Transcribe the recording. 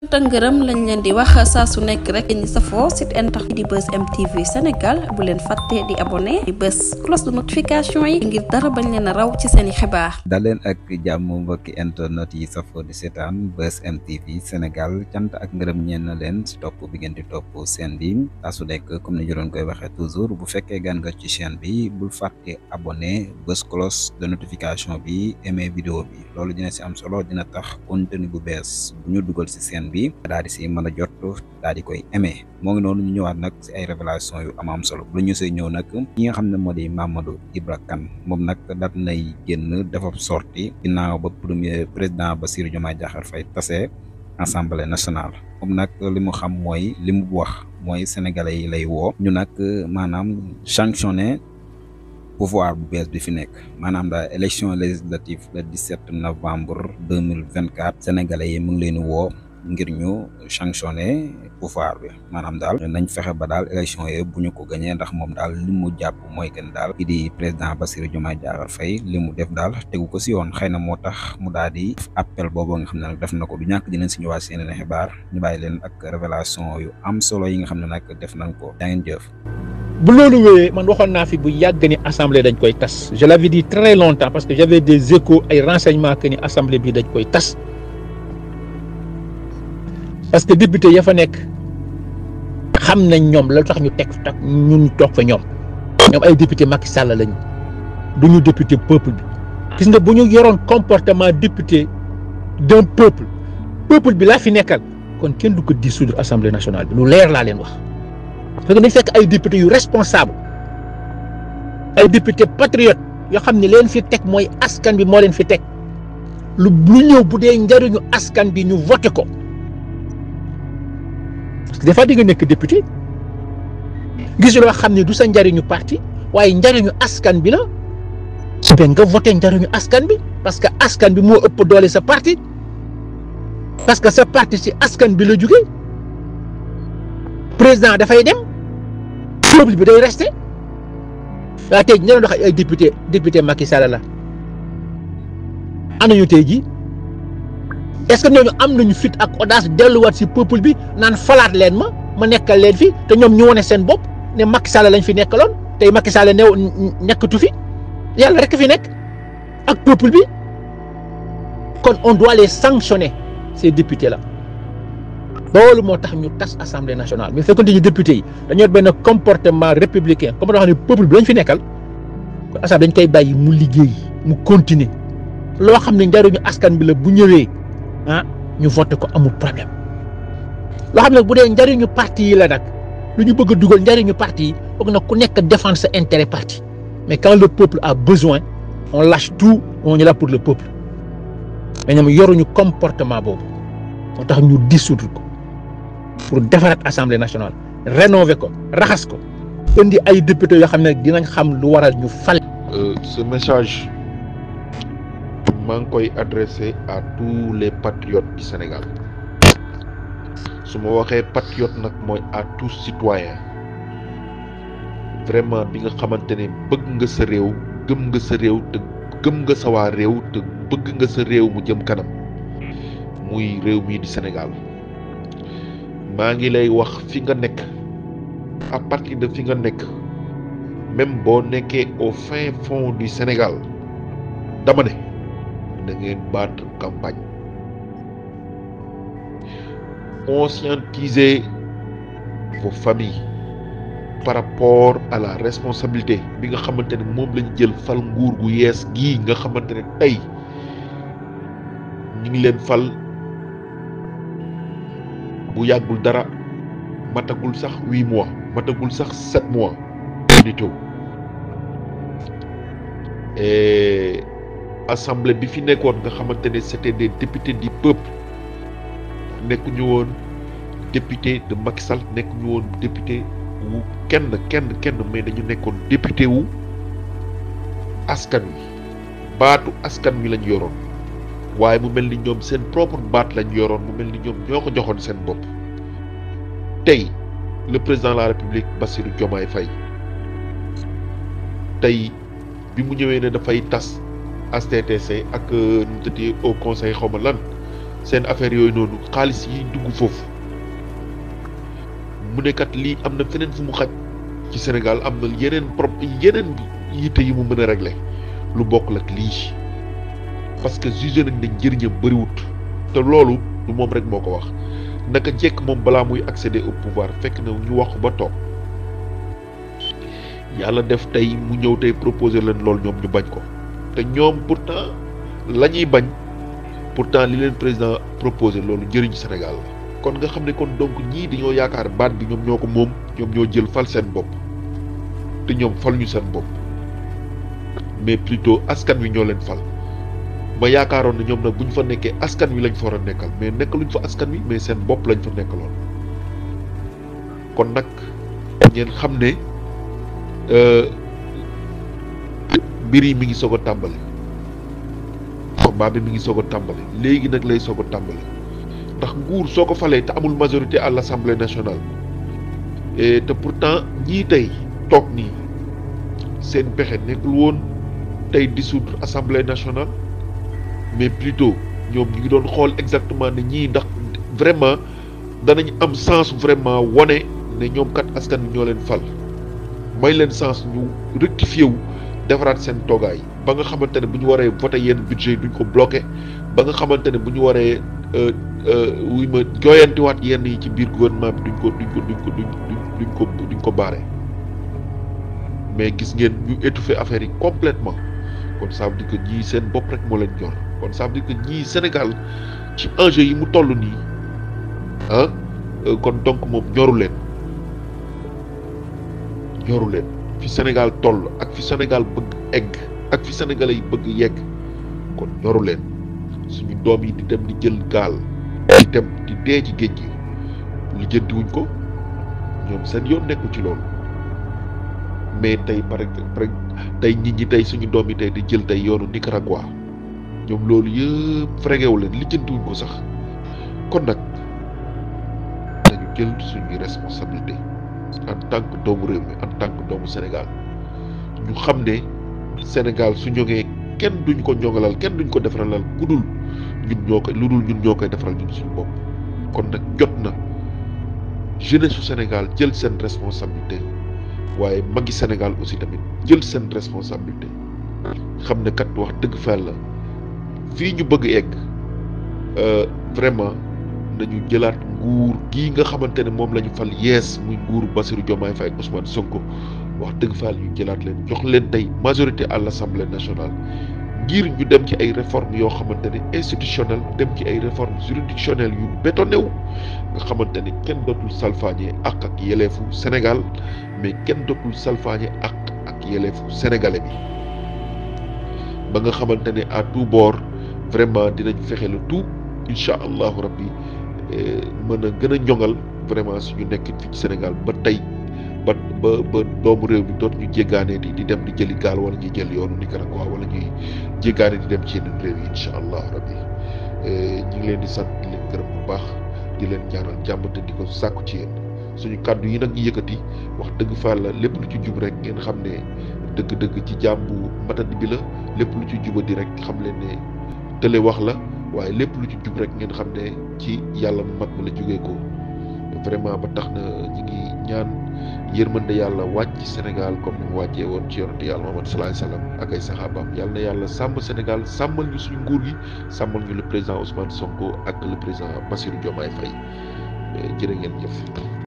tëngërëm lañ leen di wax sa su nek rek ñi fo site internet di buzz mtv senegal bu leen fatte di abonné di buzz cloche de notification yi ngir dara bañ leen raw ci seen xibaar dal leen ak jamm mbokk internet yi fo di setan buzz mtv senegal cant ak ngërëm ñen leen ci top bi ngeen di top seen bi sa su nek comme ni joron koy waxe toujours bu fekke gan nga ci chaîne bi bu fatte abonné buzz cloche de notification bi aimé vidéo bi lolu dina ci am solo dina tax contenu bu bes bu ñu duggal ci seen bi daal di si mën a jot daal di koy aimé moo ngi noonu ñu ñëwaat nag si ay révélation yu am am solo bu ñu see ñëw nag ki nga xam ne moo di Mamadou Ibra Kane moom nag daat nay génn dafa sorti ginnaaw ba premier président Bassirou Diomaye Diakhar Faye tase assemblée nationale moom nag li mu xam mooy li mu wax mooy sénégalais yi lay woo ñu nag maanaam sanctionné pouvoir bu bees bi fi nekk maanaam daal élection législative le 17 novembre 2024 sénégalais yi mu ngi leen woo ngir ñu sanctionné pouvoir bi maanaam daal nañ fexe ba dal élection yooyu buñu ko gagné ndax mom dal limu japp moy gën dal daal président Bassirou Diomaye Diakhar Faye li def dal téggu ko si yoon xeyna motax mu daal appel bobo nga xam def nako du ñak dinañ si ñëwaat seen xibar ñu bàyyi leen ak révélation yu am solo yi nga xam nak def nañ ko daa ngeen jëf bu lolu wéyee man waxon na fi bu yagg ni assemblée dañ koy tass je l'avais dit très longtemps parce que j'avais des échos ay renseignements que ni assemblée bi dañ koy tass parce que député ya fa nekk xam nañ ñoom la tax ñu teg tax ñun toog fa ñoom ñoom ay député Macky Sall lañ du ñu député peuple bi gis nga bu ñu yoroon comportement député d'un peuple peuple bi laa fi nekkal kon kenn du ko dissoudre assemblée nationale bi lu leer laa leen wax fekk dañ fekk ay député yu responsable ay député patriote yoo xam ni leen fi teg mooy askan bi moo leen fi teg lu lu ñëw bu dee njariñu askan bi ñu voté ko que des nga nekk député gis loo xam ne du sa njariñu parti waaye njariñu askan bi la ba nga voté njariñu askan bi parce que askan bi moo ëpp doole sa parti parce que sa parti si askan bi la jóge président dafay dem peuple bi day reste waaye tey ji ñu doon ay député député Macky Sall la ana ñu tey ji est-ce que ñooñu am nañu fit ak audace delluwaat si peuple bi naan falat leen ma ma nekkal leen fi te ñom ñu wane sen bop né Macky Sall lañ fi nekkaloon té Macky Sall new tu fi yalla rek fi nekk ak peuple bi kon on doit les sanctionner ces députés là loolu motax ñu tas assemblée nationale mais fekkonte ñu député yi dañoo benn comportement républicain comme tax ne peuple bi lañ fi nekkal kon assemblée dañ koy bayyi mu liggéey mu continuer lo xam ne ñu askan bi la bu ñëwé ah ñu voté ko amul problème loo xam ne bu dee njëriñu parti yi la nag lu ñu bëgg a dugal parti yi foog ku nekk défendre sa intérêt parti mais quand le peuple a besoin on lâche tout on est là pour le peuple mais ñoom yoruñu comportement boobu moo tax ñu dissoudre ko pour défendre l'Assemblée nationale rénover ko raxas ko indi ay député yoo xam ne dinañ xam lu waral ñu fal. Euh, ce message maa koy adressé à tous les patriotes du Sénégal Ce mot est patriote nag mooy à tous citoyens vraiment bi nga xamante ne bëgg nga sa réew gëm nga sa réew te gëm nga sa wa réew te bëgg nga sa réew mu jëm kanam muy réew di Sénégal maa ngi lay wax fi nga nekk à partir de fi nga nekk même boo nekkee au fin fond du Sénégal dama ne na ngeen battre campagne conscientiser vos familles par rapport à la responsabilité bi nga xamante ne moom lañ jël fal nguur gu yees gii nga xamante tey ñu ngi leen fal bu yàggul dara matagul sax huit mois matagul sax sept mois du assemblée bi fi nekkoon nga xamante ne c'était des députés du peuple nekkuñu woon député de Macky Sall nekkuñu woon dépité wu kenn kenn kenn mais dañu nekkoon député wu askan wi baatu askan wi lañu yoroon waaye mu mel ni ñoom seen propre baat lañ yoroon mu mel ni ñoom ñoo ko joxoon seen bopp tey la président de la république Bassirou Diomaye Faye tey bi mu ñëwee ne dafay tas. HTTC ak ñu euh, tëddee au conseil xaw ma lan seen affaire yooyu noonu xaalis yi dugg foofu mu ne lii am na feneen fu mu xaj ci Sénégal am na yeneen prop yeneen yitte yi mu mën a régler lu bokk la ak lii parce que jugé nañ ne njëriñam bariwut te loolu du moom rek moo ko wax naka jekk moom balaa muy accéder au pouvoir fekk na ñu wax ba toog yàlla def tey mu ñëw tey proposer leen loolu ñoom ñu bañ ko. te ñoom pourtant la ñuy bañ pourtant li leen président proposé loolu njëriñ Sénégal la kon nga xam ne kon donc ñii dañoo yaakaar baat bi ñoom ñoo ko moom ñoom ñoo jël fal seen bopp te ñoom faluñu seen bopp mais plutôt askan wi ñoo leen fal ma yaakaaroon ne ñoom nag bu ñu fa nekkee askan wi lañ fa war a nekkal mais nekkaluñ askan wi mais seen bopp lañ fa nekkaloon kon nag ngeen xam ne. Euh, mbir yi mi ngi soog a tàmbali combat bi mi ngi soog a tàmbali léegi nag lay soog a tàmbali ndax nguur soo ko falee te amul majorité à l'Assemblée nationale et te pourtant ñii tey toog nii seen pexe nekkul woon tey dissoudre Assemblée nationale mais plutôt ñoom ñu ngi doon xool exactement ne ñii ndax vraiment danañ am sens vraiment wane ne ñoom askan bi ñoo leen fal may leen sens ñu rectifié wu. defaraat seen toogaay ba nga xamante ne bu ñu waree voté yenn budget yi duñ ko bloqué ba nga xamante ne bu ñu waree euh, euh, wuy ma joyantiwaat yenn yi ci biir gouvernement bi duñ ko duñ ko duñ ko duñ ko duñ mais gis ngeen ñu étouffé affaire yi complètement kon ça veut dire ñii seen bopp rek moo leen ñor kon ça veut dire ñii Sénégal ci enjeu yi mu toll nii ah euh, kon donc moom ñoru leen ñoru leen. fi Sénégal toll ak fi Sénégal bëgg egg ak fi sénégalais yi bëgg yegg kon ñoru leen suñu doom yi di dem di jël gaal di dem di dee ci géej gi lijjanti wuñ ko ñoom seen yoon nekku ci loolu mais tey par exemple tey nit ñi tey suñu doom yi tey di jël tey yoonu Nicaragua ñoom loolu yëpp fregewu leen lijjanti wuñ ko sax kon nag dañu jël suñu responsabilité en tant que doomu réew mi en tant que doomu Sénégal ñu xam ne Sénégal su ñoŋee kenn duñ ko ñoŋalal kenn duñ ko defaralal ku dul ñun ñoo koy lu dul ñun ñoo koy defaral ñun suñu bopp kon nag jot na jeunesse su Sénégal jël seen responsabilité waaye magi Sénégal aussi tamit jël seen responsabilité xam ne kat wax dëgg fa la fii ñu bëgg egg euh, vraiment nañu jëlaat nguur gii nga xamante ne moom la ñu fal yees muy nguur Bassirou Diomaye Faye ak Ousmane Sonko wax dëgg faal yu jëlaat leen jox leen tey majorité à l'Assemblée nationale ngir ñu dem ci ay réformes yoo xamante ne institutionnelles dem ci ay réformes juridictionnelles yu bétonné wu nga xamante ne kenn dootul salfaañee ak ak yeleefu Sénégal mais kenn dootul salfaañee ak ak yeleefu sénégalais bi ba nga xamante ne à tout vraiment dinañ fexe le tout incha allahu rabbi Euh, mën a gën a ñoŋal vraiment suñu nekkin fii ci Sénégal ba tey ba ba ba doomu réew mi doot ñu jéggaane di di dem di jëli gaal wala ñuy jël yoonu Nicaragua wala ñuy jéggaane di dem ci yeneen réew yi incha allah rabbi euh, ñu ngi leen di sant di leen gërëm bu baax di leen ñaanal jàmb te di ko sàkku ci yéen suñu kàddu yi nag ñu yëkkati wax dëgg fa la lépp lu ci jub rek ngeen xam ne dëgg-dëgg ci jàmm bu matadi bi la lépp lu ci juba di rek xam leen ne tële wax la. waaye lépp lu ci jub rek ngeen xam ne ci yàlla mu mag ma la jógee ko vraiment ba tax na ñi ngi ñaan yërmande yàlla wàcc ci Sénégal comme ni woon ci yonante yàlla Muhammad salaay salaam ak ay saxaabaam yàlla na yàlla sàmm Sénégal sàmmal ñu suñu nguur gi sàmmal ñu le président Ousmane Sonko ak le président Bassirou Diomaye Faye jërë ngeen jëf.